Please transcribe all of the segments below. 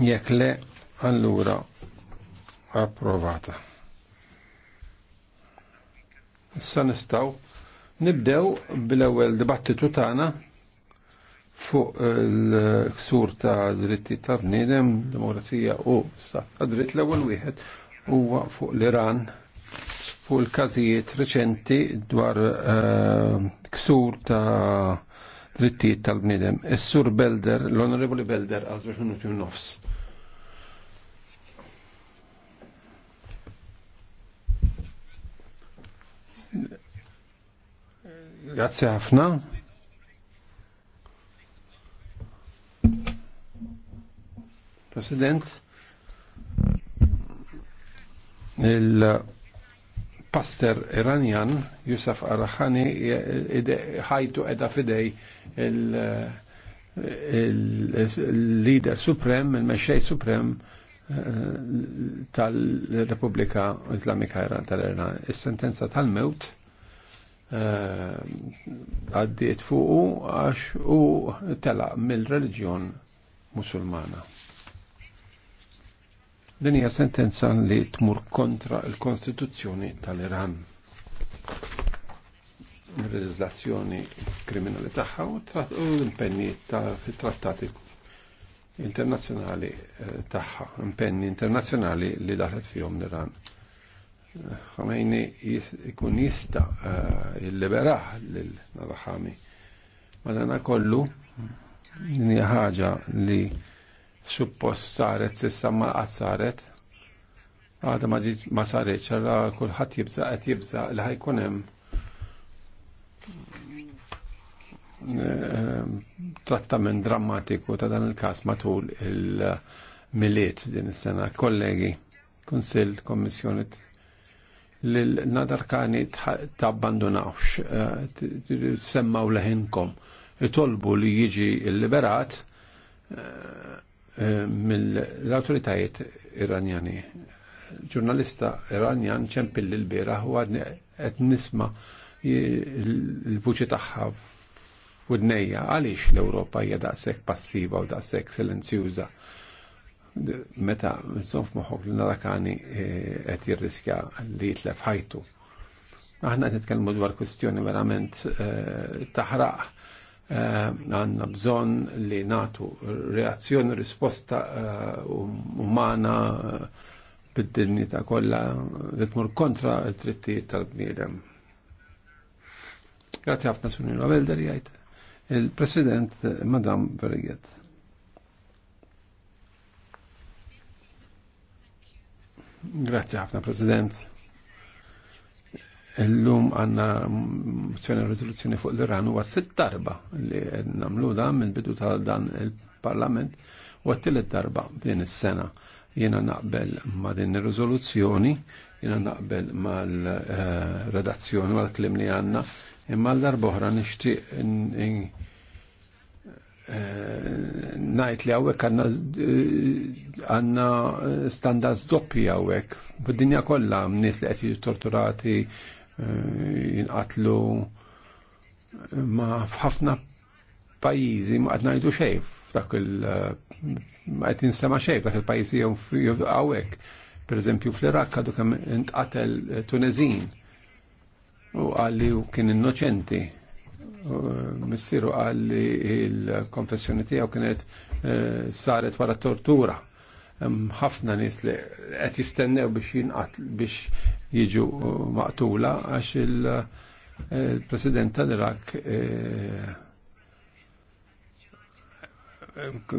Jekk le, allura approvata. Issa nistgħu nibdew bil-ewwel dibattitu tagħna fuq il-ksur ta' dritti ta' bniedem, demokrazija u ta' dritt l-ewwel wieħed huwa fuq l-Iran fuq il-każijiet reċenti dwar eh, ksur ta' drittijiet tal-bnidem. Is-Sur Belder, l-Onorevoli Belder, għaz biex minuti nofs. Grazie ħafna. President, il-pastor Iranian, Yusuf Arahani ħajtu edha fidej il-leader suprem, il-mexxej suprem eh, tal-Repubblika Islamika Iran tal-Iran. Is-sentenza tal-mewt eh, għaddiet fuqu għax u tela mill-reliġjon musulmana. Din hija sentenza li tmur kontra l-Kostituzzjoni tal-Iran il-leġislazzjoni kriminali tagħha u l-impenni fit-trattati internazzjonali eh, tagħha, impenni internazzjonali li daħlet fihom l-Iran. Ħamejni jkun jista eh, il-liberaħ lil Ma dan kollu din hija ħaġa li suppost saret s'issa ma saret għadha ma saretx għal kulħadd jibża qed jibża li ħajkun hemm Eh, trattament drammatiku ta' dan il-kas matul il-miliet din is-sena. Kollegi, Kunsill, Kommissjoni l-nadarkani ta' abbandonawx, eh, semmaw leħinkom, itolbu li jiġi liberat eh, mill-autoritajiet iranjani. Ġurnalista iranjan ċempilli l-bira u għadni għet nisma' l-vuċi tagħha u d-nejja għaliex l-Ewropa hija daqshekk passiva u daqshekk silenzjuża. Meta nżomm f'moħħok li narakani e, qed jirriskja li jitlef ħajtu. Aħna qed nitkellmu dwar kwistjoni verament e, taħraq e, għanna bżon li natu reazzjoni, risposta um-, umana bid ta' kollha li tmur kontra t-trittijiet tal-bniedem. Grazie ħafna sunil Velder jgħid. Il-President eh, Madam Verget. Grazie ħafna President. Illum għanna mozzjoni rezoluzzjoni fuq l-Iran huwa sitt darba li namlu dan mill-bidu ta' dan il-Parlament u għattilet darba din is-sena. Jiena naqbel ma' din ir-riżoluzzjoni, jiena naqbel mal-redazzjoni eh, u għal-klim li għanna Imma l-darboħra nixtieq najt eh, li għawek għanna eh, eh, standards doppi għawek. Bid-dinja kollha nis li qed torturati, jinqatlu ma f'ħafna pajjiżi ma qed ngħidu xejn f'dak il ma qed ninsema xejn f'dak il-pajjiżi għawek. Per eżempju fl-Iraq għadu kam intqatel Tunezin u għalli u kien innoċenti. Missieru għalli il-konfessjoni tiegħu kienet eh, saret wara tortura. Ħafna nis li qed jistennew biex jinqat biex jiġu eh, maqtula għax eh, il-President tal-Irak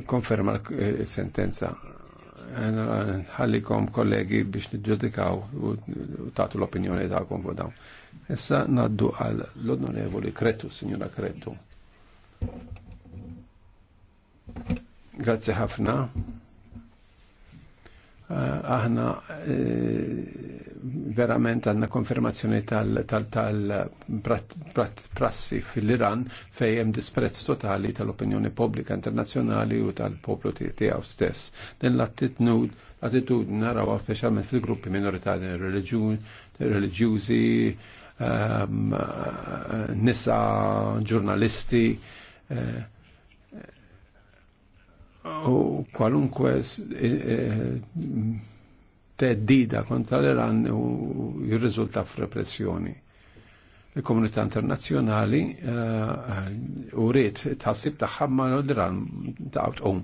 konferma l-sentenza nħallikom kollegi biex nġudikaw u tagħtu l-opinjoni ta' fuq dawn. Issa naddu għal l-onorevoli Kretu, Signora Kretu. Grazie ħafna. Eh, aħna eh, verament għanna konfermazzjoni tal-prassi fil-Iran fej hemm disprezz totali tal-opinjoni pubblika internazzjonali u tal-poplu tiegħu stess. Din l-attitudni l narawha speċjalment fil-gruppi minoritari reliġjużi, ehm, eh, nisa, ġurnalisti, u kwalunkwe e, e, teddida kontra l-Iran u jirriżulta f'repressjoni. Il-komunità internazzjonali eh, u rrit tħassib taħħamma l-Iran taħut um.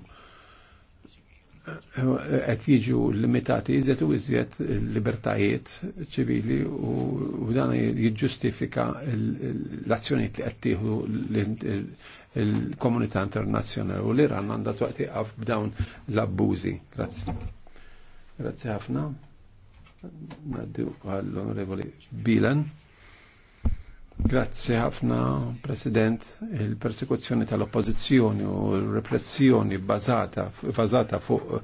qed jiġu limitati iżjed u jizet libertajiet ċivili u dan jiġġustifika l-azzjonijiet li qed il-komunità internazzjonali u l-Iran għandha twaqti għaf b'dawn l-abbużi. Grazzi. Grazzi ħafna. Naddu għall-Onorevoli Bilan. Grazzi ħafna, President. Il-persekuzzjoni tal-oppozizjoni u repressjoni bazata fuq eh,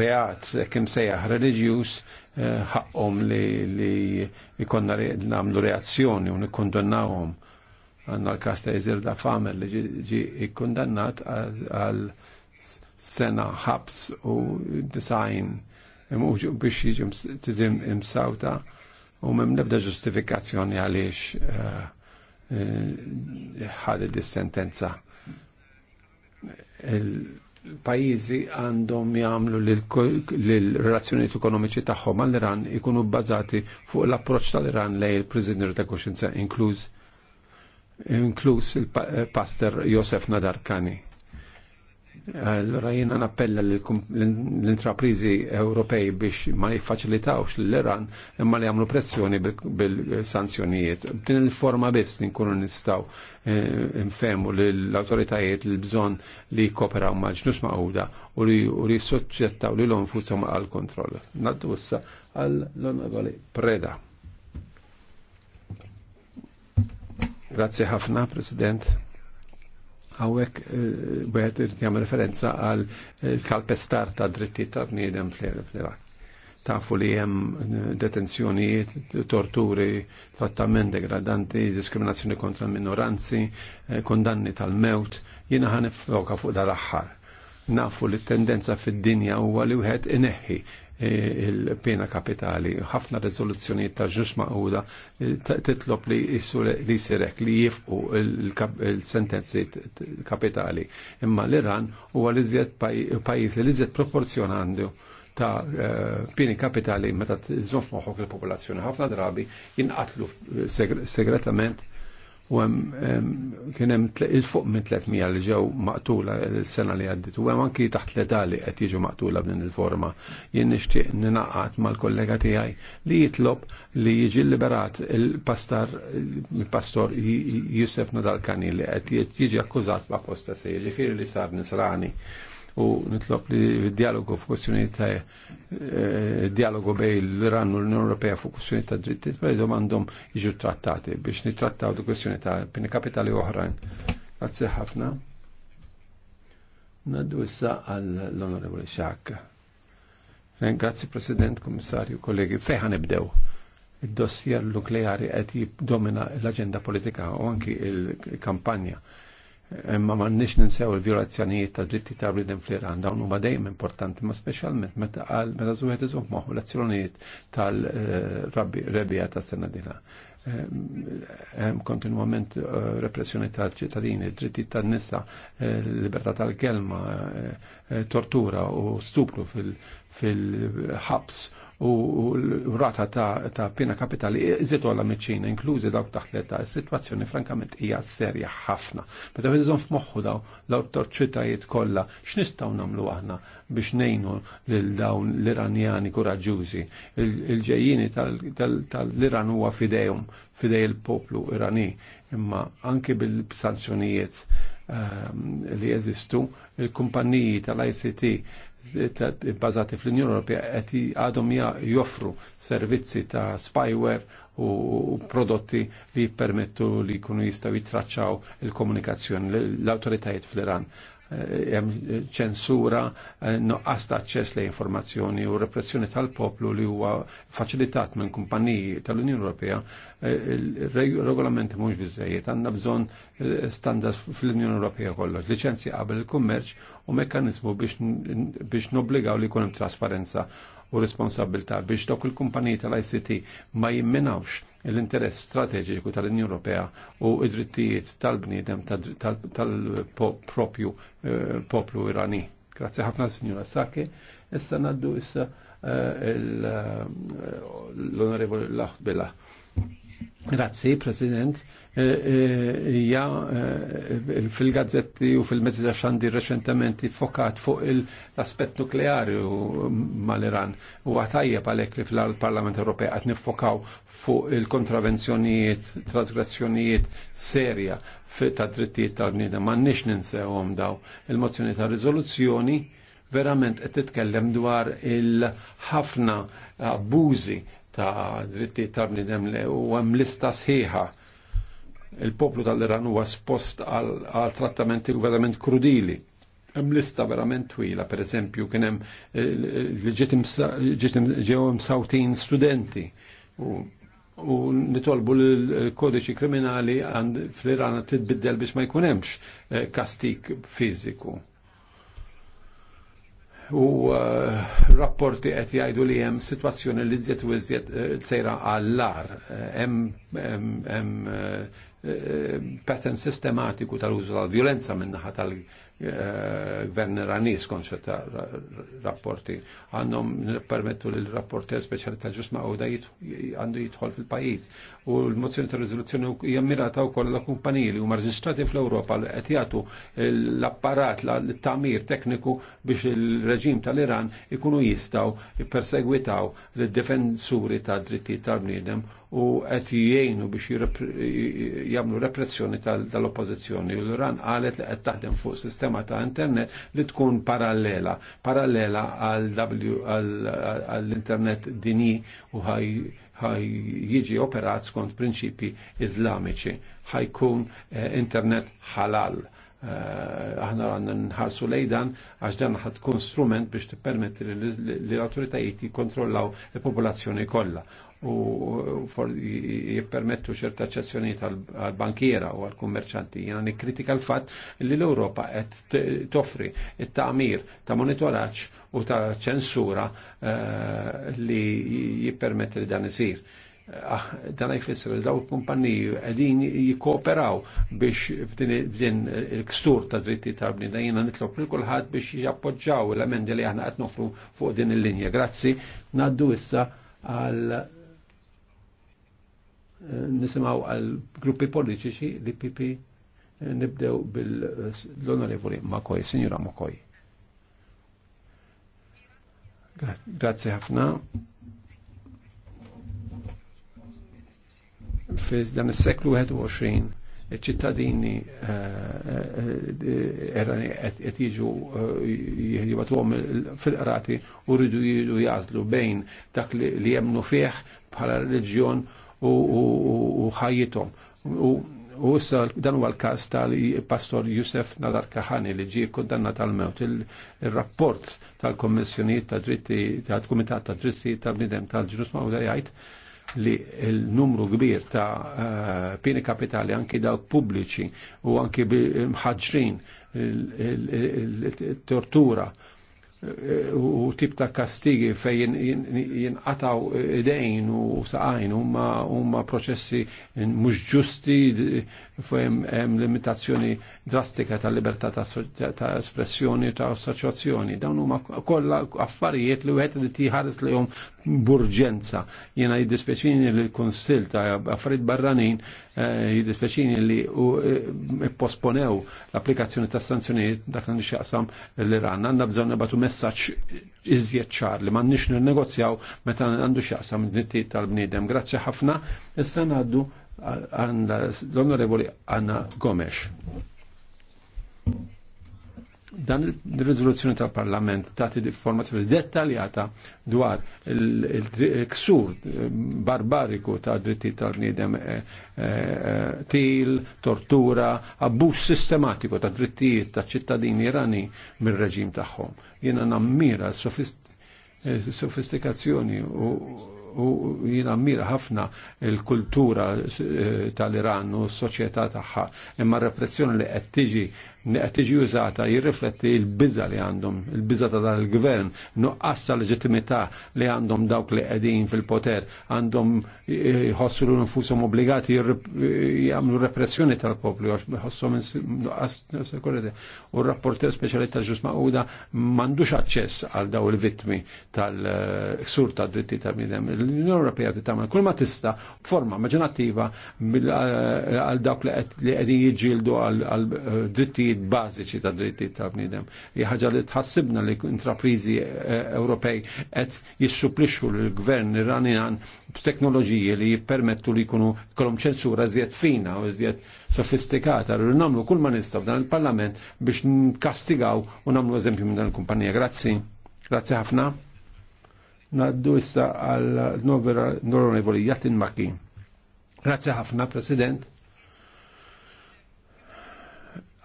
reat kim sejjaħ religjus eh, ħaqhom li ikonna namlu reazzjoni u nikkondonnawhom Għanna l-kas ta' Izirda Famer li ġi ikkundannat għal sena ħabs u design imuġu biex jiġi tizim imsawta u mem nebda ġustifikazzjoni għaliex eh, eh, ħad il sentenza Il-pajizi għandhom jagħmlu l-relazzjonijiet ekonomiċi tagħhom għall-Iran ikunu bbażati fuq l-approċċ tal-Iran lej il-prisoner ta' kuxinza inkluż inkluż il-pastor Josef Nadarkani. Allora jiena nappella l-intraprizi Ewropej biex ma jiffaċilitawx l-Iran imma li jagħmlu pressjoni bil-sanzjonijiet. B'din il-forma biss nkunu nistgħu eh, li l-autoritajiet l-bżonn li jkoperaw maġnux maquda u li jissoċċettaw li l-onfushom għal kontroll. Naddu issa għall-onorevoli Preda. Grazie ħafna, President. Għawek, bħed eh, jgħam referenza għal eh, kalpestar ta' dritti ta' bniedem fl-Irak. Tafu li jem eh, detenzjonijiet, torturi, trattament degradanti, diskriminazzjoni kontra minoranzi, kondanni tal-mewt, jina ħan fuq dar aħħar. Nafu li t-tendenza fid-dinja huwa li wieħed ineħħi E, il-pena kapitali. ħafna rezoluzzjoni ta' ġuġ maquda e, titlob li jisirek li jifqu il-sentenzi kapitali. Imma l-Iran huwa għal-izjed pajiz li izjed proporzjonandu ta' e, pieni kapitali meta tżof moħok il-popolazzjoni. ħafna drabi jinqatlu segretament u hemm kien hemm il-fuq minn 300 li ġew maqtula l-sena li għaddit u hemm anki taħt l-edali qed jiġu maqtula b'din il-forma. Jien nixtieq ninaqat mal-kollega tiegħi li jitlob li jiġi liberat il-pastor il-pastor Jusef Nadal Kani li qed jiġi akkużat b'apostasi, ġifieri li sar nisrani u nitlob li dialogu f'kwestjoni ta' eh, dialogu bej l-Iran u l-Unjoni Ewropea fuq kwestjoni ta' dritti bħalidhom għandhom jiġu trattati biex nittrattaw di kwestjoni ta' pini kapitali oħrajn. Grazie ħafna. Naddu issa għall-Onorevoli Xak. Grazie President, Kommissarju, kollegi, fejħan nibdew il dossier nukleari qed jibdomina l agenda politika u anki l-kampanja imma nix ninsew il-violazzjonijiet ta' dritti ta' bniedem fl-Iran dawn huma dejjem importanti, ma speċjalment meta qal meta żwieħed iżomm moħħu l-azzjonijiet tal-rebija tas sena dila. Eh, hemm kontinwament eh, repressjoni tal-ċittadini, dritti tan-nisa, eh, libertà tal-kelma, tortura u stupru fil-ħabs u rata ta' pina kapitali iżitu għalla meċċina, inklużi dawk taħt l-età, situazzjoni frankament hija serja ħafna. Meta bżon f'moħħu daw l-autorċitajiet kollha x'nistgħu nagħmlu aħna biex ngħinu lil dawn l-Iranjani kuraġġużi. Il-ġejjini tal-Iran huwa fidejhom, fidej il-poplu Irani, imma anke bil-sanzjonijiet ehm, li jeżistu, il-kumpanniji tal-ICT bazati fl-Unjoni Ewropea qed għadhom joffru servizzi ta' spyware u prodotti li permettu li jkunu jistgħu jitraċċaw il-komunikazzjoni l-awtoritajiet fl-Iran. Eh, hemm ċensura, eh, noqqas ta' ċess lejn informazzjoni u repressjoni tal-poplu li huwa faċilitat minn kumpaniji tal-Unjoni Ewropea, eh, regolamenti mhux biżejjed għandna bżonn standards fl-Unjoni Ewropea kollox, liċenzja qabel il-kummerċ u mekkaniżmu biex nobbligaw li jkun hemm trasparenza u responsabilta biex dok il-kumpaniji tal-ICT ma jimminawx l-interess strateġiku tal-Unjoni Ewropea u id-drittijiet tal-bniedem tal-propju eh, poplu Irani. Grazie ħafna, signora Sake. Issa naddu issa eh, eh, l-onorevole Laħbilla. Grazzi, President. Eh, eh, Ija eh, fil-gazzetti u fil-mezzi ta' xandi reċentement fokat fuq l-aspett nukleari mal-Iran u għatajja palek li fil-Parlament Ewropej għat nifokaw fuq il-kontravenzjonijiet, trasgressjonijiet serja ta' drittijiet tal-bnida. Ma' nix ninsewom daw il-mozzjoni ta' rizoluzzjoni verament qed titkellem dwar il-ħafna abbużi ta' dritti tal-bnidem u hemm lista sħiħa. Il-poplu tal-Iran huwa spost għal trattamenti verament krudili. Hemm lista verament twila, per eżempju, kien hemm eh, ġew sawtin studenti u nitolbu l-kodiċi kriminali għand fl-Iran biddel biex ma jkun hemmx eh, kastik fiżiku u eh, rapporti qed jgħidu li hemm sitwazzjoni li żjed u żjed eh, sejra għall-lar. Eh, hemm pattern sistematiku tal-użu tal-violenza minnaħa tal- gvern iranis konxa ta' rapporti. Għandhom permettu li l-rapporti speċjali ta' ġusma għu da għandu jitħol fil-pajis u l-mozzjoni ta' riżoluzzjoni hija u koll la kumpaniji li huma reġistrati fl-Ewropa li qed jagħtu l-apparat l-tamir tekniku biex il-reġim tal-Iran ikunu jistgħu jipperseguitaw lid-difensuri ta' drittijiet tal-bniedem u qed jgħinu biex jagħmlu repressjoni tal-oppożizzjoni. L-Iran qalet li qed taħdem fuq sistema ta' internet li tkun parallela, parallela għall-internet dini u ħaj jiġi operat skont prinċipi iżlamiċi, ħajkun eh, internet halal. Eh, aħna għanna nħarsu lejdan għax dan ħad tkun strument biex tippermetti li l-autoritajiet jikkontrollaw il-popolazzjoni kollha u jippermettu ċerta ċessjoniet għal-bankiera u għal-kummerċanti. Jena nikkritika l-fat li l-Europa qed toffri it-tamir ta' monitoraġġ u ta' ċensura eh, li jippermetti li dan isir. Ah, dan jfisser li daw il-kumpanniji għedin jikoperaw biex f'din il-kstur ta' dritti ta' da' jena nitlob li kullħat biex jappoġġaw l-emendi li aħna qed nofru fuq din il-linja. Grazzi, naddu issa għal nisimaw għal gruppi politiċi li pipi eh, nibdew bil-onorevoli Makoj, signora Makoj. Grazie ħafna. Fiz dan is-seklu 21 ċittadini eh, eh, qed jiġu jibatuhom fil-qrati u rridu jidu jażlu bejn dak li jemnu fih bħala reliġjon u ħajjithom. U issa dan huwa l-każ tal-Pastor Jusef Nadar Kahani li ġie kundanna tal-mewt. Il-rapport tal-Kommissjonijiet ta' dritti tal-Kumitat ta' dritti tal-bnidem tal-ġnus Mawda jgħid li l-numru kbir ta' eh, pieni kapitali anki daw pubbliċi u anki mħaġrin il-tortura u tip ta' kastigi fej jinqataw idejn u saqajn huma proċessi mhux ġusti hemm limitazzjoni drastika tal-libertà ta' espressjoni u ta' assoċjazzjoni. Dawn huma kollha affarijiet li wieħed li tieħares lihom burġenza. Jiena jiddispjaċini li l-Kunsill ta' affarijiet barranin eh, jiddispjaċini li eh, ipposponew l-applikazzjoni ta' sanzjonijiet dak li xaqsam l-Iran. Għandna bżonn nibatu messaġġ iżjed ċar li m'għandniex nirnegozjaw meta għandu xaqsam id tal-bniedem. Grazzi ħafna, issa ngħaddu għanda l-onorevoli Anna Gomes. Dan il-rizoluzzjoni tal-Parlament tagħti informazzjoni dettaljata dwar il-ksur barbariku ta' dritti tal nidem eh, eh, til, tortura, abbuż sistematiku ta' drittijiet ta' ċittadini irani mir-reġim tagħhom. Jiena nammira eh, s-sofistikazzjoni u u jina mmira ħafna il-kultura eh, tal-Iran u s-soċjetà tagħha imma repressjoni li qed tiġi qed tiġi użata jirrifletti l-biża li għandhom, il-biża ta' dal-gvern, nuqqas ta' leġittimità li għandhom dawk li qegħdin fil-poter, għandhom jħossu nfushom obbligati jagħmlu repressjoni tal-poplu għax ħossom nuqqas sekuriti. U r-rapporter speċjali ta' ġus maquda m'għandux aċċess għal daw il-vittmi tal sur ta' dritti ta' bniedem. L-Unjoni Ewropea tagħmel kull ma tista' forma maġinattiva għal dawk li qegħdin jiġġieldu għal eh, dritti drittijiet bażiċi ta' drittijiet ta' bniedem. ħaġa li tħassibna li intraprizi eh, Ewropej qed jissupplixxu l-gvern iranian b'teknoloġiji li jippermettu li jkunu kolom ċensura żjed fina u żjed sofistikata. Rridu nagħmlu kull ma nistgħu f'dan il-Parlament biex nkastigaw u nagħmlu eżempju minn dan il-kumpanija. Grazzi. Grazzi ħafna. Naddu issa għal Norvera Norvera Jatin Maki. Grazie ħafna, President.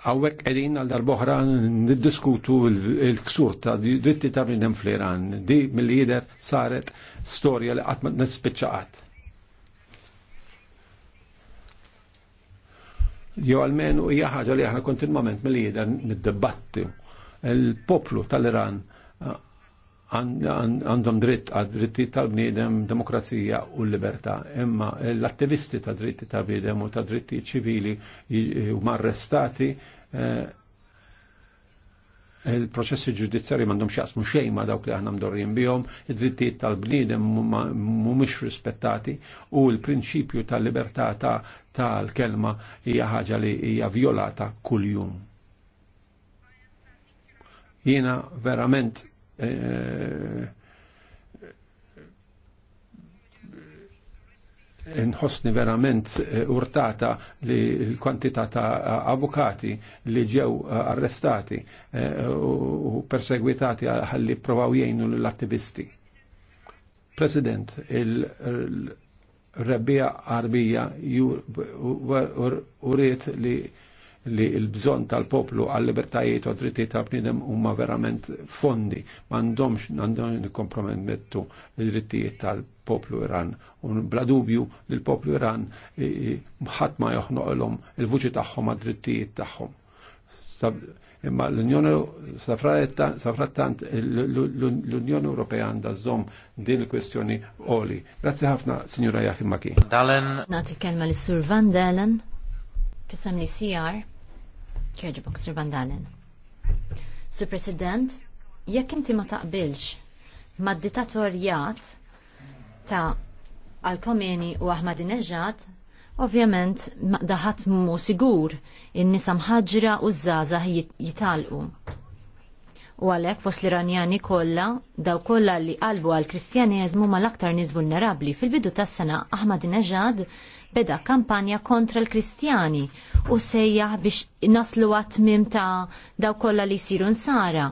Għawek għedin għal darboħra niddiskutu il-ksur ta' dritti ta' minn fl-Iran. Di mill-lider saret storja li għatma nispiċaqat. Jo għalmenu hija ħaġa li aħna kontinwament mill-lider nid Il-poplu tal-Iran għandhom dritt għad dritti tal-bniedem, demokrazija u libertà. Imma l-attivisti ta' dritti tal-bniedem u ta' dritti ċivili huma arrestati Eh, il-proċessi ġudizzjari mandom xaqsmu xejn ma dawk li aħna mdorrin bihom, id-drittijiet tal-bniedem mhumiex rispettati u l-prinċipju tal-libertà tal-kelma hija ħaġa li hija violata kuljum. Jiena verament eh, nħossni verament eh, urtata li l-kwantità ta' avukati li ġew eh, arrestati eh, u perseguitati għalli provaw jgħinu l-attivisti. President, il-rebbija arbija uriet li li l-bżon tal-poplu għall-libertajiet u drittijiet ta' bnidem huma verament fondi. M'għandhomx għandhom nikkompromettu l-drittijiet tal-poplu Iran. U bla dubju li l-poplu Iran ħadd ma joħnoqlhom il-vuċi tagħhom għad-drittijiet tagħhom. Imma l-Unjoni safrattant l-Unjoni Ewropea għandha żomm din il-kwestjoni oli. Grazzi ħafna, Sinjura Jaħim Maki. Dalen. Nagħti kelma lis sur Van Dalen fissam li sijar Kjerġbok, Sir Dalen. Sir President, jekk inti ma taqbilx ma dittatorjat ta' Al-Komeni u Ahmadinejad, ovvjament daħat mu sigur in-nisa mħaġra u żaza jitalqu. U għalek fos l-Iranjani kolla, daw kolla li qalbu għal kristjaniżmu mal-aktar nis vulnerabli fil-bidu tas-sena Ahmadinejad beda kampanja kontra l-Kristjani u sejjaħ biex naslu għatmim ta' daw kolla li siru nsara.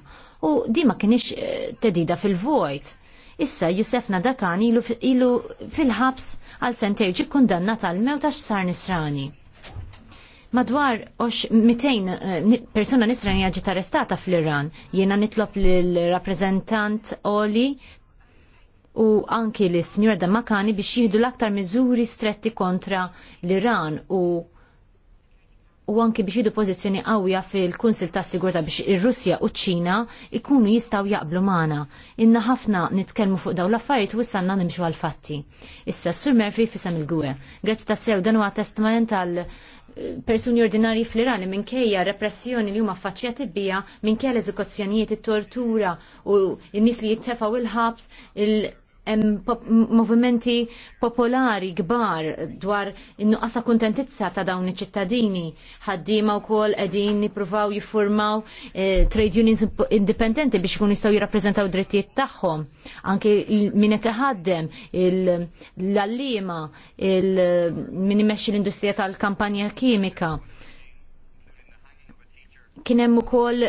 U di ma kienix eh, tedida fil-vojt. Issa Jusef Nadakan ilu fil-ħabs għal sentejġi kundanna tal-mew ta' xsar nisrani. Madwar 200 eh, persona nisrani ġiet arrestata fl-Iran, jiena nitlob l-rappresentant Oli u anki li s-Sinjura Damakani biex jihdu l-aktar miżuri stretti kontra l-Iran u u anki biex jidu pozizjoni għawja fil-Kunsil ta' Sigurta biex ir-Russja u ċina ikunu jistaw jaqblu magħna. Inna ħafna nitkellmu fuq daw l-affarijiet u issa għandna nimxu għal-fatti. Issa s Sur Murphy fissam il-gwe. Grazzi ta' sew dan huwa testament tal eh, persuni ordinari fl-Iran li minkejja repressjoni li huma tibbija minn minkejja l-eżekuzzjonijiet, it-tortura u n-nies li jittefgħu il-ħabs, il-, -ħabs, il ħabs hemm movimenti popolari kbar dwar in-nuqqasa kuntentizza ta' dawn iċ-ċittadini. Ħaddiema wkoll qegħdin nippruvaw jiffurmaw eh, trade unions indipendenti biex ikun jistgħu jirrappreżentaw drittijiet tagħhom. Anke min qed iħaddem l-allima min imexxi l-industrija tal-kampanja kimika kien hemm ukoll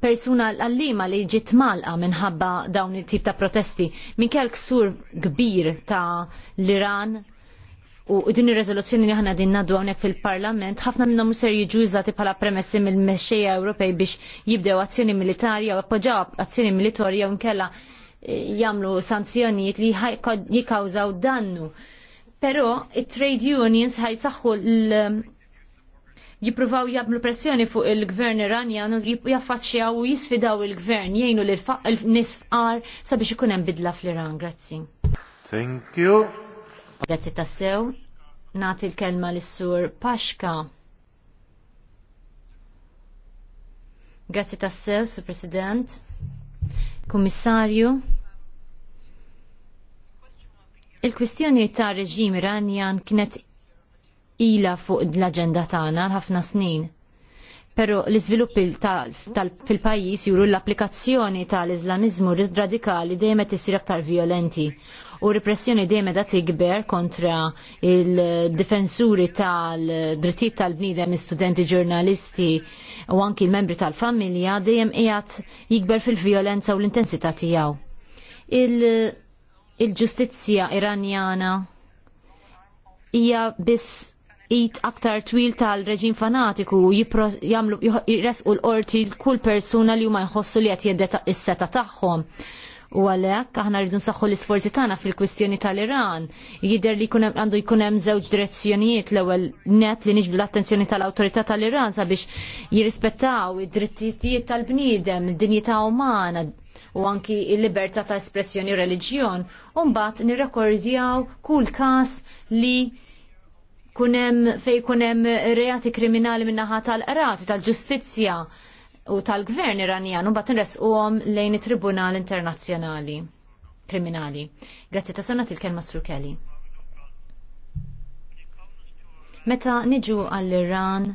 persuna għallima li ġiet malqa minħabba dawn it-tip ta' protesti. kell ksur kbir ta' l-Iran u din ir-reżoluzzjoni li aħna din naddu hawnhekk fil-Parlament ħafna minnhom ser jiġu jużati bħala premessi mill-mexxejja Ewropej biex jibdew azzjoni militari jew appoġġaw azzjoni militari jew nkella eh, jagħmlu sanzjonijiet li jikkawżaw dannu. Però it-trade unions ħajsaħħu l- jippruvaw jablu pressjoni fuq il-gvern Iranjan u jaffaċċjaw u jisfidaw il-gvern jgħinu l nisf għar sabiex ikun hemm bidla fl-Iran. Grazzi. Thank you. Grazzi tassew. Nati l-kelma l-sur Paxka. Grazzi tassew, Sur President. Kommissarju. Il-kwistjoni ta' reġim Iranjan kienet ila fuq l-agenda tagħna ħafna snin. Pero l-iżviluppi fil-pajjiż juru l-applikazzjoni tal-Islamiżmu radikali dejjem qed isir aktar violenti u repressjoni dejjem da tikber kontra il-difensuri tal-drittijiet tal-bniedem, studenti ġurnalisti u anki l-membri tal-familja dejjem qiegħed jikber fil-vjolenza u l-intensità tiegħu. Il-ġustizzja iranjana hija biss id aktar twil tal-reġim fanatiku jamlu jresqu l-qorti kull persuna li huma jħossu li qed jeddeta is-seta tagħhom. U għalhekk aħna rridu nsaħħu l-isforzi tagħna fil-kwistjoni tal-Iran. Jidher li jkun għandu jkun hemm żewġ direzzjonijiet l-ewwel net li niġbu l-attenzjoni tal-awtorità tal-Iran sabiex jirrispettaw id-drittijiet tal-bniedem, id-dinjità umana, u anki il-libertà ta' espressjoni u reliġjon, u mbagħad nirrekordjaw kull każ li kunem fej kunem reati kriminali minnaħa tal-qrati, tal-ġustizja u tal-gvern iranjan u bat nresqu lejn it-Tribunal Internazzjonali Kriminali. Grazzi ta' sanat il-kelma Sur Kelly. Meta niġu għall-Iran,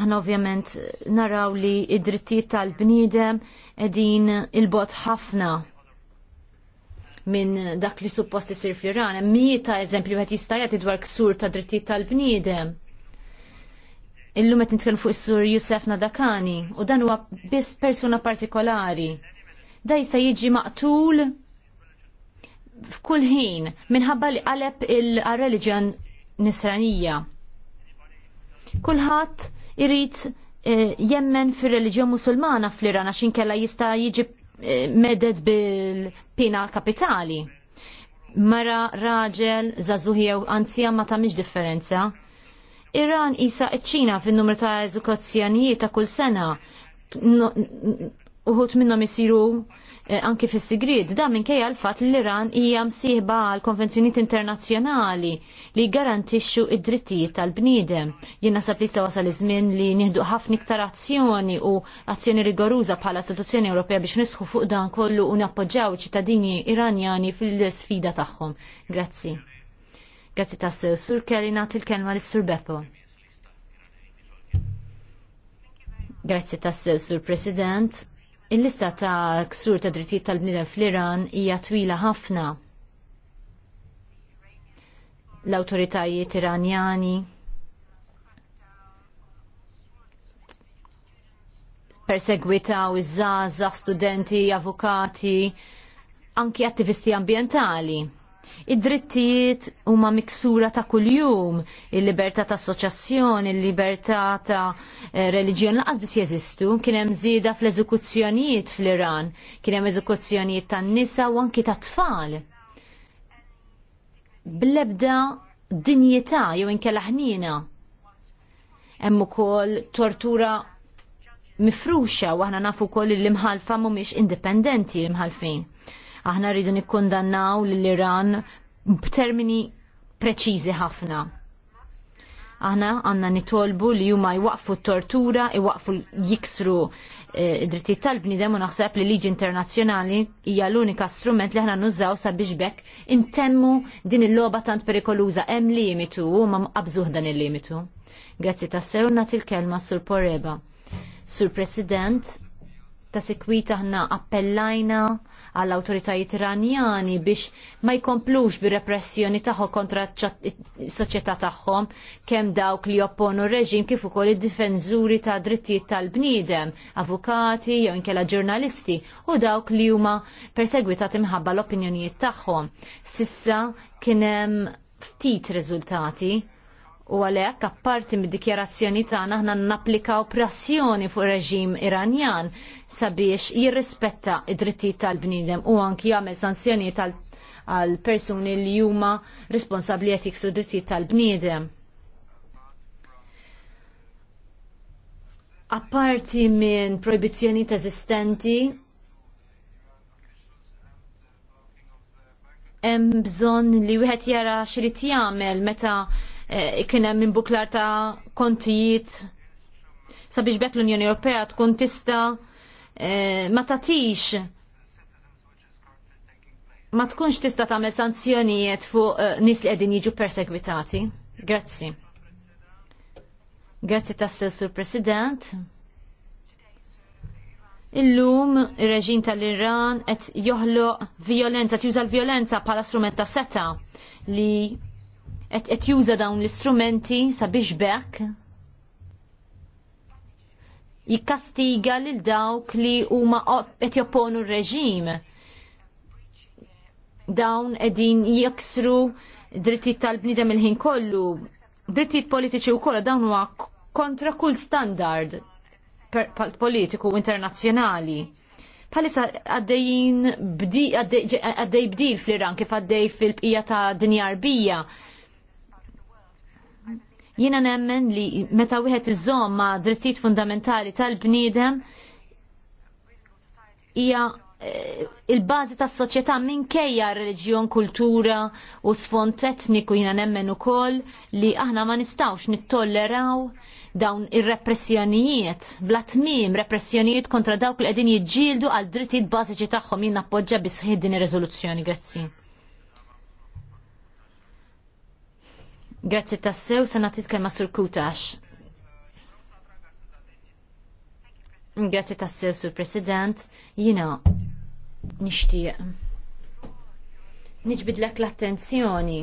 aħna ovvjament naraw li id-drittijiet tal-bniedem edin il-bot ħafna minn dak li suppost isir fl-Iran. mieta eżempju qed jista' jagħti dwar ksur ta' drittijiet tal-bniedem. Illum qed nitkellmu fuq is-sur Yusef Nadakani u dan huwa biss persuna partikolari. Da jista' jiġi maqtul f'kull ħin minħabba li qaleb il-reliġjon nisranija. Kulħadd irid eh, jemmen fir reliġjon musulmana fl-Iran għax inkella jista' jiġi medet bil-pina kapitali. Mara, raġel, zazuħiew, anzija ma ta' differenza. Iran isa ċina fin-numru ta' eżukazzjonijiet ta' kull sena. Uħut minnhom isiru Eh, anki fis sigrid da minkejja l-fatt li l-Iran hija msieħba għal konvenzjonijiet internazzjonali li garantixxu id-drittijiet tal-bniedem. Jien nasab li wasal iż-żmien li nieħdu ħafna iktar azzjoni u azzjoni rigoruża bħala istituzzjoni Ewropea biex nisħu fuq dan kollu u nappoġġjaw ċittadini Iranjani fil-sfida tagħhom. Grazzi. Grazzi tassew. Sur Kelly nagħti l-kelma lis-Sur Beppo. Grazzi tassew, Sur President. Il-lista ta' ksur ta' drittijiet tal-bniedem fl-Iran hija twila ħafna. L-awtoritajiet iranjani persegwitaw iż-żgħażagħ, studenti, avukati, anki attivisti ambjentali Id-drittijiet huma miksura ta' kuljum, il-libertà ta' assoċjazzjoni, il-libertà ta' eh, reliġjon laqas biss jeżistu, kien hemm żieda fl-eżekuzzjonijiet fl-Iran, kien hemm eżekuzzjonijiet tan-nisa u anki tat tfal. Bl-ebda dinjità jew inkella ħnina. Hemm ukoll tortura mifruxa u aħna nafu wkoll li l-imħalfa mhumiex indipendenti l-imħalfin Aħna rridu nikkondannaw l-Iran b'termini preċiżi ħafna. Aħna għanna nitolbu li huma jwaqfu t-tortura, jwaqfu jiksru eh, id-drittijiet tal-bnidem u naħseb li liġi internazzjonali hija l-unika strument li aħna nużaw sabiex bekk intemmu din il-logħba tant perikoluża hemm limitu u ma qabżuh dan il-limitu. Grazzi tassew nagħti il-kelma sur Poreba. Sur President, ta' sekwita ħna appellajna għall awtoritajiet iranjani biex ma jkomplux bi repressjoni tagħhom kontra s-soċjetà tagħhom kemm dawk li jopponu reġim kif ukoll id-difenżuri ta' drittijiet tal-bniedem, avukati jew inkella ġurnalisti u dawk li huma persegwitat imħabba l-opinjonijiet tagħhom. Sissa kien hemm ftit riżultati U għalhekk apparti mid-dikjarazzjoni tagħna aħna napplikaw pressjoni fuq reġim Iranjan sabiex jirrispetta id-drittijiet tal-bniedem u anki jagħmel sanzjonijiet għal persuni li huma responsabbli qed jiksu drittijiet tal-bniedem. Apparti minn proibizzjoni eżistenti hemm bżonn li wieħed jara x'rid jagħmel meta Eh, kien hemm buklar ta' kontijiet sabiex bekk l-Unjoni Ewropea tkun tista' eh, ma tatix ma tkunx tista tagħmel sanzjonijiet fuq eh, nis li qegħdin jiġu persegwitati. Grazzi. Grazzi tassew sur President. Illum ir-reġim tal-Iran qed joħloq violenza, tjuża l-violenza bħala strument ta' seta li qed juża dawn l-istrumenti sabiex bekk jikkastiga lil dawk li huma qed jopponu r-reġim. Dawn qegħdin jiksru drittijiet tal-bniedem il-ħin kollu, drittijiet politiċi wkoll dawn huwa kontra kull standard politiku internazzjonali. Palissa għaddejjin għaddej bdil fl-Iran kif għaddej fil-bqija ta' dinja Jiena nemmen li meta wieħed iżżomm ma' drittijiet fundamentali tal-bniedem hija eh, il-bazi tas soċjetà minkejja reliġjon, kultura u sfond etniku jina nemmen ukoll li aħna ma nistgħux nittolleraw dawn ir repressjonijiet bla tmiem repressjonijiet kontra dawk li qegħdin jiġġieldu għal drittijiet bażiċi tagħhom jien nappoġġa bisħid din ir-riżoluzzjoni. Grazzi. Grazzi tassew, sanatit kelma sur Kutax. Grazzi tassew sur President, jina nishtiq. Nġbidlek l-attenzjoni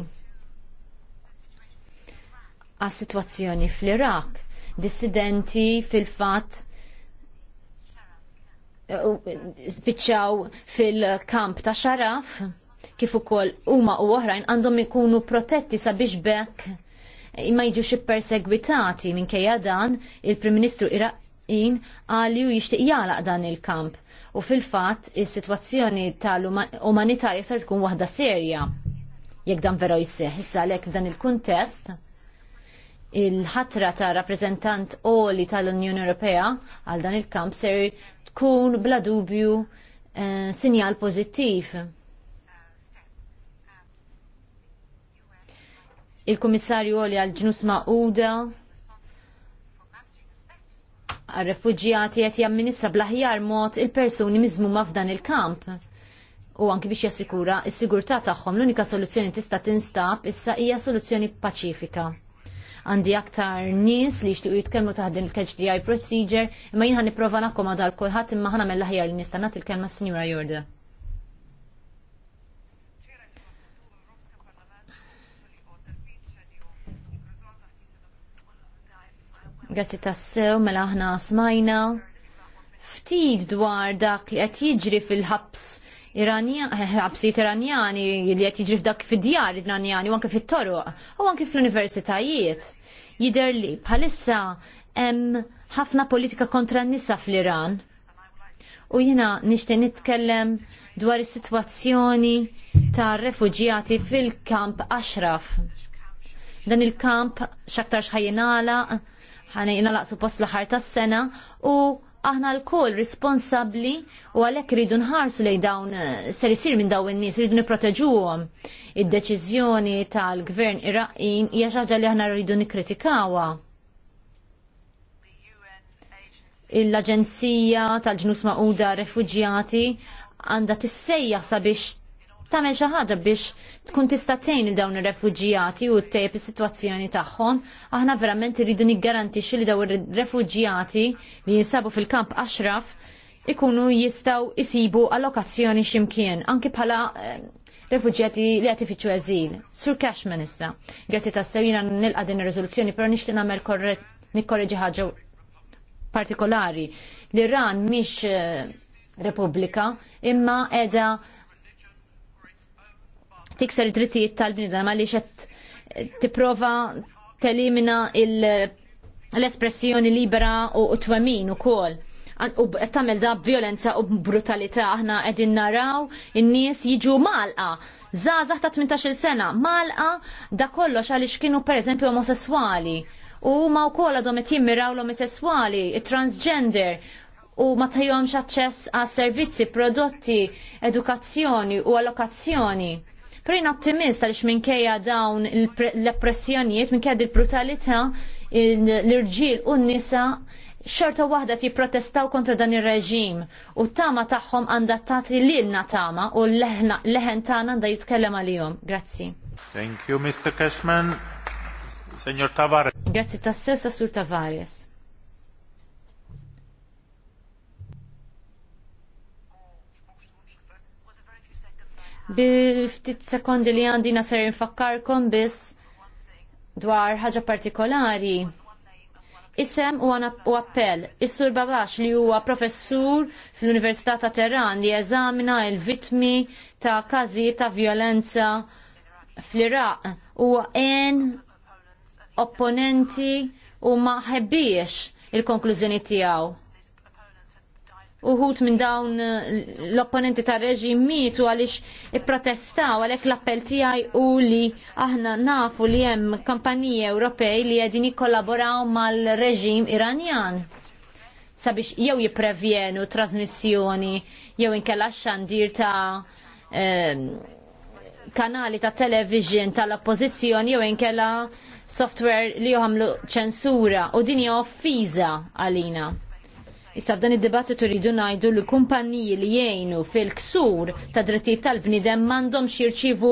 a situazzjoni fl-Iraq. Dissidenti fil-fat eh, spiċċaw fil-kamp ta' xaraf kif ukoll huma u oħrajn għandhom ikunu protetti sabiex bekk imma jiġux ippersegwitati minkejja dan il-Prim Ministru Iraqin għalli jixtieq jalaq dan il-kamp. U fil-fatt is-sitwazzjoni tal-umanitarja ser tkun waħda serja jekk dan vera jisseħ. Issa għalhekk f'dan il-kuntest il-ħatra ta' rappreżentant oli tal-Unjoni Ewropea għal dan il-kamp ser tkun bla dubju eh, sinjal pożittiv il-Kummissarju għoli għal-ġnus Mauda għal refugġijati għet jamministra blaħjar mod il-personi mizmu f'dan il-kamp u anki biex jassikura il sigurtà tagħhom l-unika soluzzjoni tista' tinstab issa hija soluzzjoni paċifika. Għandi aktar nies li jixtiequ jitkellmu taħdin il-KHDI procedure imma jien ħan nipprova nakkomoda l kulħadd imma ħana mill-aħjar li nista' nagħti il-kelma Signora Jorda. Grazzi tassew mela aħna smajna ftit dwar dak li qed jiġri fil-ħabs eh, ħabsijiet iranjani li qed jiġri f'dak fid-djar iranjani u anke fit-toroq u anke fl-universitajiet. Jidher li bħalissa hemm ħafna politika kontra n-nisa fl-Iran. U jiena nixtieq nitkellem dwar is-sitwazzjoni tar refuġjati fil-kamp Ashraf. Dan il-kamp x'aktarx ħajinala ħanejna laqsu post l-ħar tas-sena u aħna l koll responsabli u għalek rridu nħarsu lej dawn eh, ser isir minn dawn in-nies, rridu niproteġuhom. Id-deċiżjoni tal-gvern Iraqin hija xi ħaġa li aħna rridu nikkritikawha. L-Aġenzija tal-Ġnus Maquda Refuġjati għandha tissejja sabiex tagħmel xi ħaġa biex tkun tista' tgħin il dawn ir-refuġjati u ttejjeb is-sitwazzjoni tagħhom. Aħna verament irridu niggarantixxi li dawn ir-refuġjati li jinsabu fil-kamp Ashraf ikunu jistgħu isibu allokazzjoni x'imkien anke bħala eh, refuġjati li għati fiċu eżil. Sur Cashman issa. Grazzi ta' sewina nilqa din ir-riżoluzzjoni, però nixtieq nagħmel nikkorreġi ħaġa partikolari. L-Iran mhix eh, Repubblika imma edha tikser id-drittijiet tal-bnidem għaliex qed tipprova telimina l-espressjoni libera u u ukoll u tamel da violenza u brutalità aħna qegħdin naraw in-nies jiġu malqa żgħażagħ ta' 18-il sena malqa da kollox għaliex kienu pereżempju omosessuali u ma wkoll għadhom qed jimmiraw l-omosessuali, transgender u ma tajhomx aċċess għas servizzi, prodotti, edukazzjoni u allokazzjoni. Pero jien ottimist għaliex minkejja dawn l-oppressjonijiet, minkejja di brutalità l-irġiel u n-nisa xorta waħda ti protestaw kontra dan ir-reġim u tama tagħhom għandha tagħti lilna tama u l-leħen tagħna għandha jitkellem għalihom. Grazzi. Thank you, Mr. Cashman. Senjor Tavares. Grazzi tassessa, Sur Tavares. Bil-ftit sekondi li għandi naser infakkarkom biss dwar ħaġa partikolari. Isem u appell, is-sur Babax li huwa professur fl-Università ta' Terran li eżamina il-vitmi ta' każi ta' violenza fl-Iraq huwa għen opponenti u ma il-konklużjoni tiegħu uħut minn dawn eh, l-opponenti ta' reġim mitu għalix i-protestaw għalek l-appell tijaj u li aħna nafu li jem kampanije Ewropej li għedin kollaboraw mal-reġim iranjan sabiex jew jiprevjenu trasmissjoni jew inkella xandir ta' ehm, kanali ta' television tal-oppozizjoni jew inkella software li joħamlu ċensura u dinja offiża għalina Issa f'dan id-dibattitu rridu ngħidu li kumpaniji li jgħinu fil-ksur ta' drittijiet tal-bniedem m'għandhomx jirċievu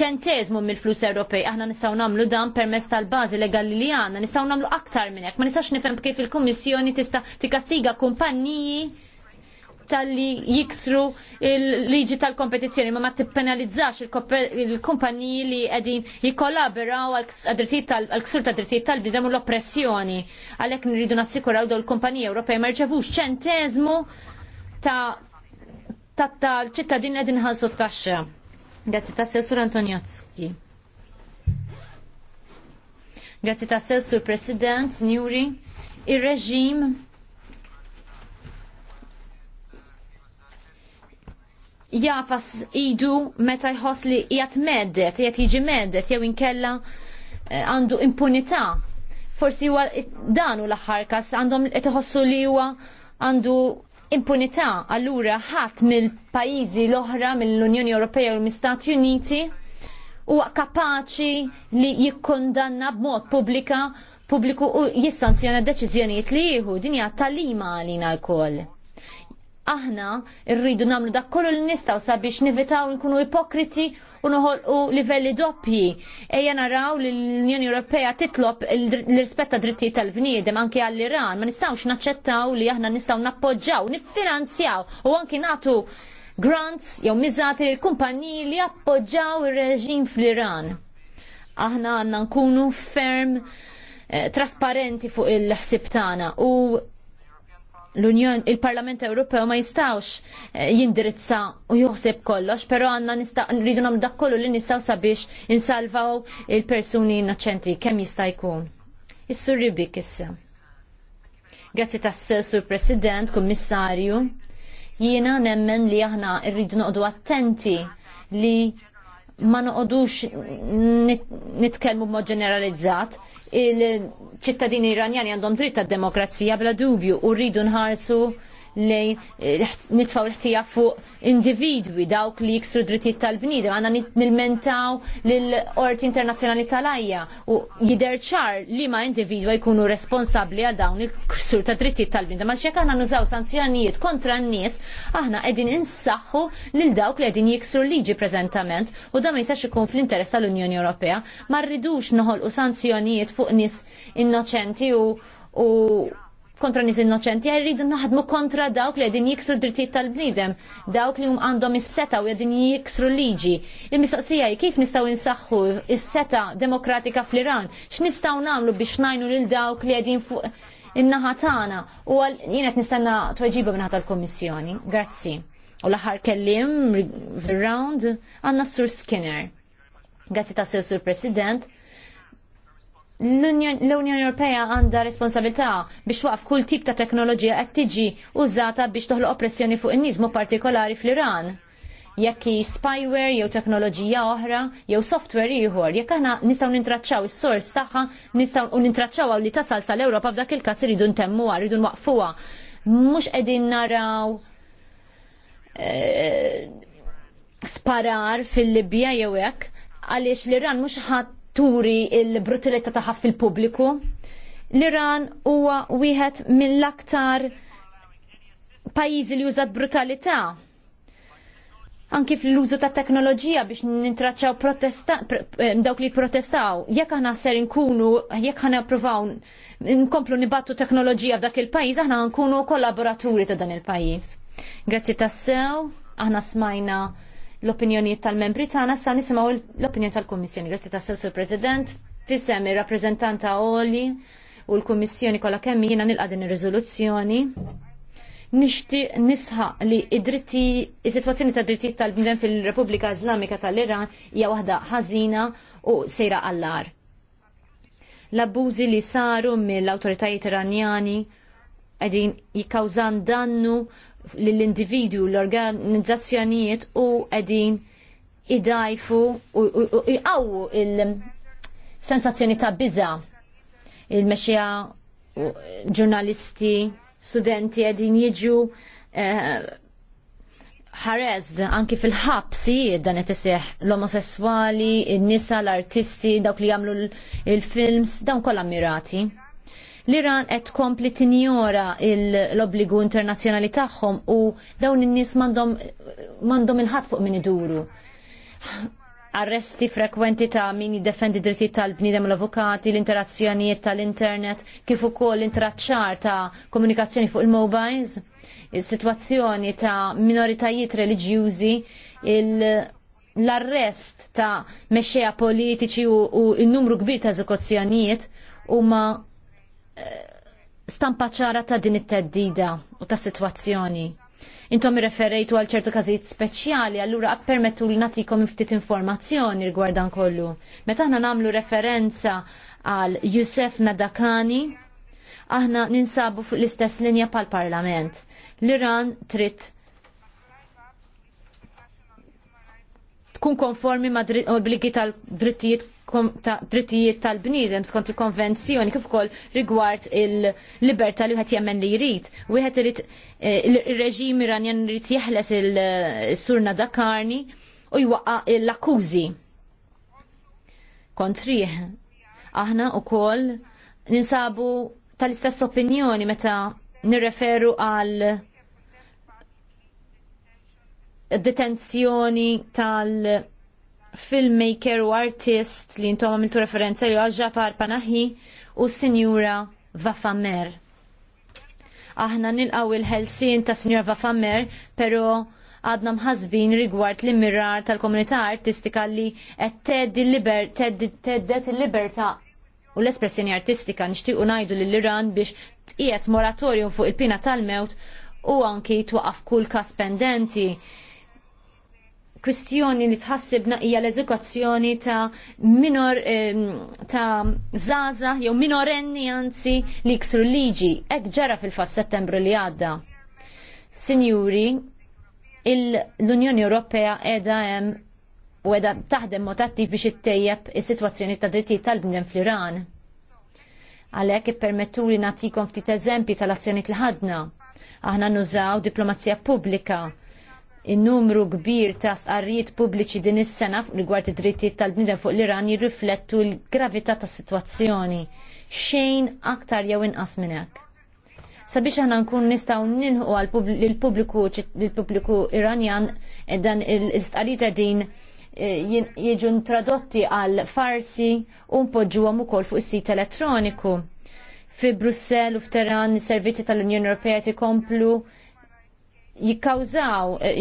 ċentezmu mill-flus Ewropej. Aħna nistgħu nagħmlu dan permezz tal-bażi legali li għandna, nistgħu nagħmlu aktar minn hekk. Ma nistax nifhem kif il-Kummissjoni tista' tikkastiga kumpaniji tal-li jiksru il-liġi tal-kompetizzjoni ma ma tippenalizzax il kumpanniji li qegħdin jikkollaboraw għal-ksur ta' drittijiet tal-bidem u l-oppressjoni. Għalhekk nridu nassikuraw dawn il-kumpaniji Ewropej ma rċevux ta' tal-ċittadin qegħdin ħalsu t-taxxa. Grazzi ta' Sur Antonjotski. Grazzi ta' Sur President, Njuri. Ir-reġim jafas idu meta jħoss li jgħat meddet, jgħat jiġi meddet, jew inkella eh, għandu impunità. Forsi huwa danu l-aħħar kas għandhom qed iħossu li huwa għandu impunità allura ħadd mill-pajjiżi l-oħra mill-Unjoni Ewropea u mill-Istati Uniti huwa kapaċi li jikkondanna b'mod pubblika pubbliku u jissanzjona deċiżjonijiet li jieħu din hija talima għalina l-koll aħna rridu namlu dak kollu li nistaw sabiex nivitaw nkunu ipokriti u noħolqu livelli doppji. Ejja naraw li l-Unjoni Ewropea titlob l-rispetta drittijiet tal-bniedem anke għall-Iran, ma nistawx naċċettaw li aħna nistaw nappoġġaw, niffinanzjaw u anke natu grants jew miżati l-kumpaniji li appoġġaw ir-reġim fl-Iran. Aħna għandna nkunu ferm eh, trasparenti fuq il-ħsib tagħna u l-Unjon, il-Parlament Ewropew ma jistawx eh, jindirizza u joħseb kollox, pero għanna rridu nam dak kollu li nistaw sabiex insalvaw il-persuni innoċenti, kemm jista' jkun. is surri bik issa. Grazzi tas sur President, Kummissarju. Jiena nemmen li aħna rridu noqdu attenti li ma noqodux nitkellmu mod ġeneralizzat, il-ċittadini iranjani għandhom dritt tad demokrazija bla dubju u rridu nħarsu lejn eh, nitfaw l-ħtija fuq individwi dawk li jiksru drittijiet tal-bnidem, għanna nilmentaw l-Orti Internazzjonali tal-Ajja u jiderċar li ma individwa jkunu responsabli għal dawn il-ksur ta' drittijiet tal-bnidem. Ma xek għanna nużaw sanzjonijiet kontra n-nies, aħna qegħdin insaħħu lil dawk li qegħdin jiksru liġi prezentament u da ma jistax ikun fl-interess tal-Unjoni Ewropea, ma rridux noħolqu sanzjonijiet fuq nis innoċenti u u kontra nis innoċenti, rridu naħdmu kontra dawk li għedin jiksru drittijiet tal-bnidem, dawk li hum għandhom is-seta u għedin jiksru liġi. Il-mistoqsija kif nistgħu insaxħu is-seta demokratika fl-Iran, x'nistgħu nagħmlu biex najnu lil dawk li qegħdin fuq in-naħa tagħna u jien qed nistenna tweġiba minn tal-Kummissjoni. Grazzi. U l-aħħar kellim round għandna Sur Skinner. Grazzi ta' Sur President l-Unjoni Ewropea għandha responsabilità biex waqf kull tip ta' teknoloġija qed tiġi użata biex toħloq oppressjoni fuq in-nies partikolari fl-Iran. Jekk hi spyware jew teknoloġija oħra jew software ieħor, jekk aħna nistgħu nintraċċaw is-sors tagħha, nistgħu nintraċċaw li tasal sal-Ewropa f'dak il-każ iridu ntemmuha, iridu nwaqfuha. Mhux qegħdin naraw eh, sparar fil-Libja jew hekk, għaliex l-Iran mhux ħadd turi il-brutalità tagħha fil-pubbliku. L-Iran huwa wieħed mill-aktar pajjiżi li użat brutalità anki fl-użu ta' teknoloġija biex nintraċċaw eh, dawk li protestaw. Jekk aħna ser nkunu, jekk aħna provaw nkomplu nibattu teknoloġija f'dak il-pajjiż, aħna nkunu kollaboraturi ta' dan il-pajjiż. Grazzi tassew, aħna smajna l-opinjonijiet tal-membri tagħna sa nisimgħu l-opinjoni tal-Kummissjoni. Grazzi tas Sur President, fisem ir-rappreżentanta Oli u l-Kummissjoni kollha kemm jiena nilqa' din ir-riżoluzzjoni. Nixtieq nisħaq li id-dritti is-sitwazzjoni ta' drittijiet tal-bnedem fil-Repubblika Iżlamika tal-Iran hija waħda ħażina u sejra għallar. L-abbużi li saru mill-awtoritajiet Iranjani qegħdin jikkawżan dannu l-individu, l-organizzazzjonijiet u għedin idajfu u jqawwu il-sensazzjoni ta' biza. Il-mexja ġurnalisti, studenti għedin jiġu eh, ħarezd anki fil-ħabsijiet dan qed iseħħ l-omosessuali, in-nisa, l-artisti, dawk li jagħmlu l-films, dawn kollha mirati. L-Iran qed tkompli tinjora l-obbligu internazzjonali tagħhom u dawn in-nies m'għandhom il-ħadd fuq min iduru. Arresti frekwenti ta' min jiddefendi drittijiet tal-bniedem l-avukati, l-interazzjonijiet tal-internet, kif ukoll l-intraċċar ta' komunikazzjoni fuq il-mobiles, is-sitwazzjoni ta' minoritajiet reliġjużi, il- l-arrest ta' mexxejja politiċi u, u n-numru kbir ta' eżekuzzjonijiet huma stampa ċara ta' din it-teddida u ta' situazzjoni. Intom referejtu għal ċertu każijiet speċjali, allura permettu li natikom ftit informazzjoni rigwardan kollu. Meta aħna nagħmlu referenza għal Yusef Nadakani, aħna ninsabu fuq l-istess linja pal-Parlament. L-Iran trid tkun konformi ma' obbligi tal-drittijiet drittijiet tal-bniedem skont il-konvenzjoni kif ukoll rigward il-libertà li wieħed jemmen li jrid. Wieħed irid eh, ir-reġim Iranjan irid jeħles il-surna dakarni u jwaqqa l-akkużi. Kontrih, aħna wkoll ninsabu tal-istess opinjoni meta nirreferu għal detenzjoni tal- filmmaker u artist li jintom għamiltu referenza li għagġa par panahi u Sinjura Vafamer. Aħna nilqaw il-ħelsin ta' Sinjura Vafamer, pero għadna mħazbin rigward l-immirar tal-komunità artistika li għed teddet il-liberta u l-espressjoni artistika nishtiqu najdu l-Iran biex tqiet moratorium fuq il-pina tal-mewt u anki twaqaf kull kas pendenti kwistjoni li tħassibna hija l ezukazzjoni ta' minor ta' zaza jew minorenni anzi li ksru liġi. Ek ġara fil-fatt settembru li għadda. Sinjuri, l-Unjoni Ewropea edha hemm u edha taħdem mod attiv biex ittejjeb is-sitwazzjoni ta' drittijiet tal-bnedem fl-Iran. Għalhekk ippermettu li nagħtikom ftit eżempji tal-azzjoni li ħadna. Aħna nużaw diplomazija pubblika in-numru kbir ta' stqarrijiet pubbliċi din is-sena rigward id-drittijiet tal-bniedem fuq l-Iran jirriflettu l-gravità tas-sitwazzjoni xejn aktar jew inqas minn hekk. Sabiex aħna nkun nistgħu ninħu għall-pubbliku lill pubbliku Iranjan eh, dan il ta' din eh, jiġu tradotti għal farsi u mpoġġuhom ukoll fuq is-sit elettroniku. Fi Brussell u f'Teran is-servizzi tal-Unjoni Ewropea tikomplu jikkawżaw eh,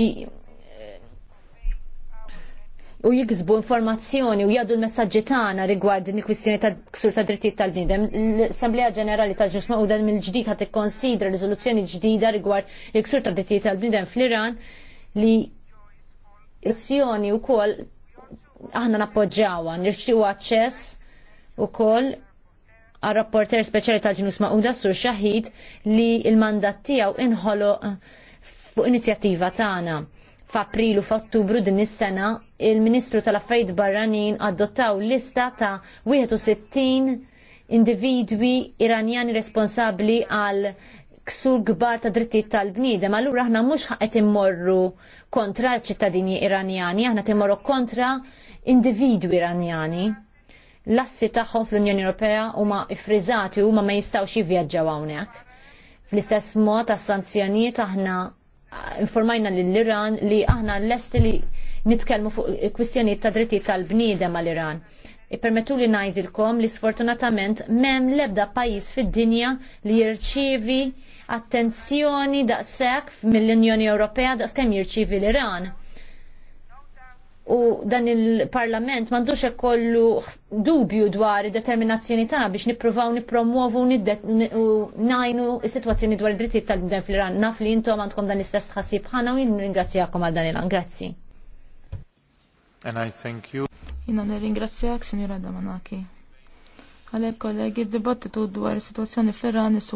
u jiksbu informazzjoni u jgħaddu l-messagġi tagħna rigward din il-kwistjoni ta' ksur ta' drittijiet tal bnidem L-Assemblea Ġenerali tal-Ġnus dan mill-ġdid ħad tikkonsidra riżoluzzjoni ġdida rigward il-ksur ta' drittijiet tal bnidem fl-Iran li l-azzjoni wkoll aħna nappoġġawa nirċtiju aċċess ukoll għal rapporter speċjali tal-ġnus Mawda sur xaħid li l-mandat tiegħu inħoloq fuq inizjattiva tagħna. F'April u f'Ottubru din is-sena, il-Ministru tal-Affarijiet Barranin adottaw lista ta' 61 individwi iranjani responsabbli għal ksur gbar ta' drittijiet tal-bniedem, allura aħna mhux qed immorru kontra ċittadini iranjani, aħna timmorru kontra individwi iranjani. L-assi tagħhom fl-Unjoni Ewropea huma ifriżati huma ma jistgħux jivvjaġġaw hawnhekk. Fl-istess mod tas sanzjonijiet aħna informajna l-Iran li aħna l-est li nitkelmu fuq kwistjoniet ta' drittijiet tal-bniedem għal-Iran. Ipermetu li najdilkom li sfortunatament mem lebda pajis fid-dinja li jirċivi attenzjoni daqsek mill-Unjoni Ewropea daqskem jirċivi l-Iran u dan il-parlament mandux ekollu dubju dwar determinazzjoni ta' biex nippruvaw nipromuovu u najnu s-sitwazzjoni dwar id-drittijiet tal-bden fil iran Naf li intom għandkom dan istess tħassib ħana u nirringrazzjakom għal dan il-an. Grazzi. And I thank you. Jina nirringrazzjak, Sinjura Damanaki. Għalek kollegi, dibattitu dwar is-sitwazzjoni fl-Iran is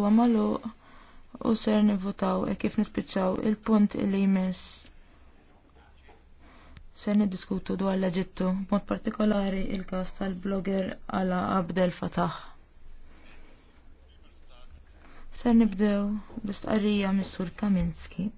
u ser nivvotaw e kif nispiċċaw il-punt li jmiss ser niddiskutu dwar l-Eġittu, mod partikolari il-każ tal-blogger Ala Abdel Fatah. Ser nibdew bistqarrija mis-Sur Kaminski.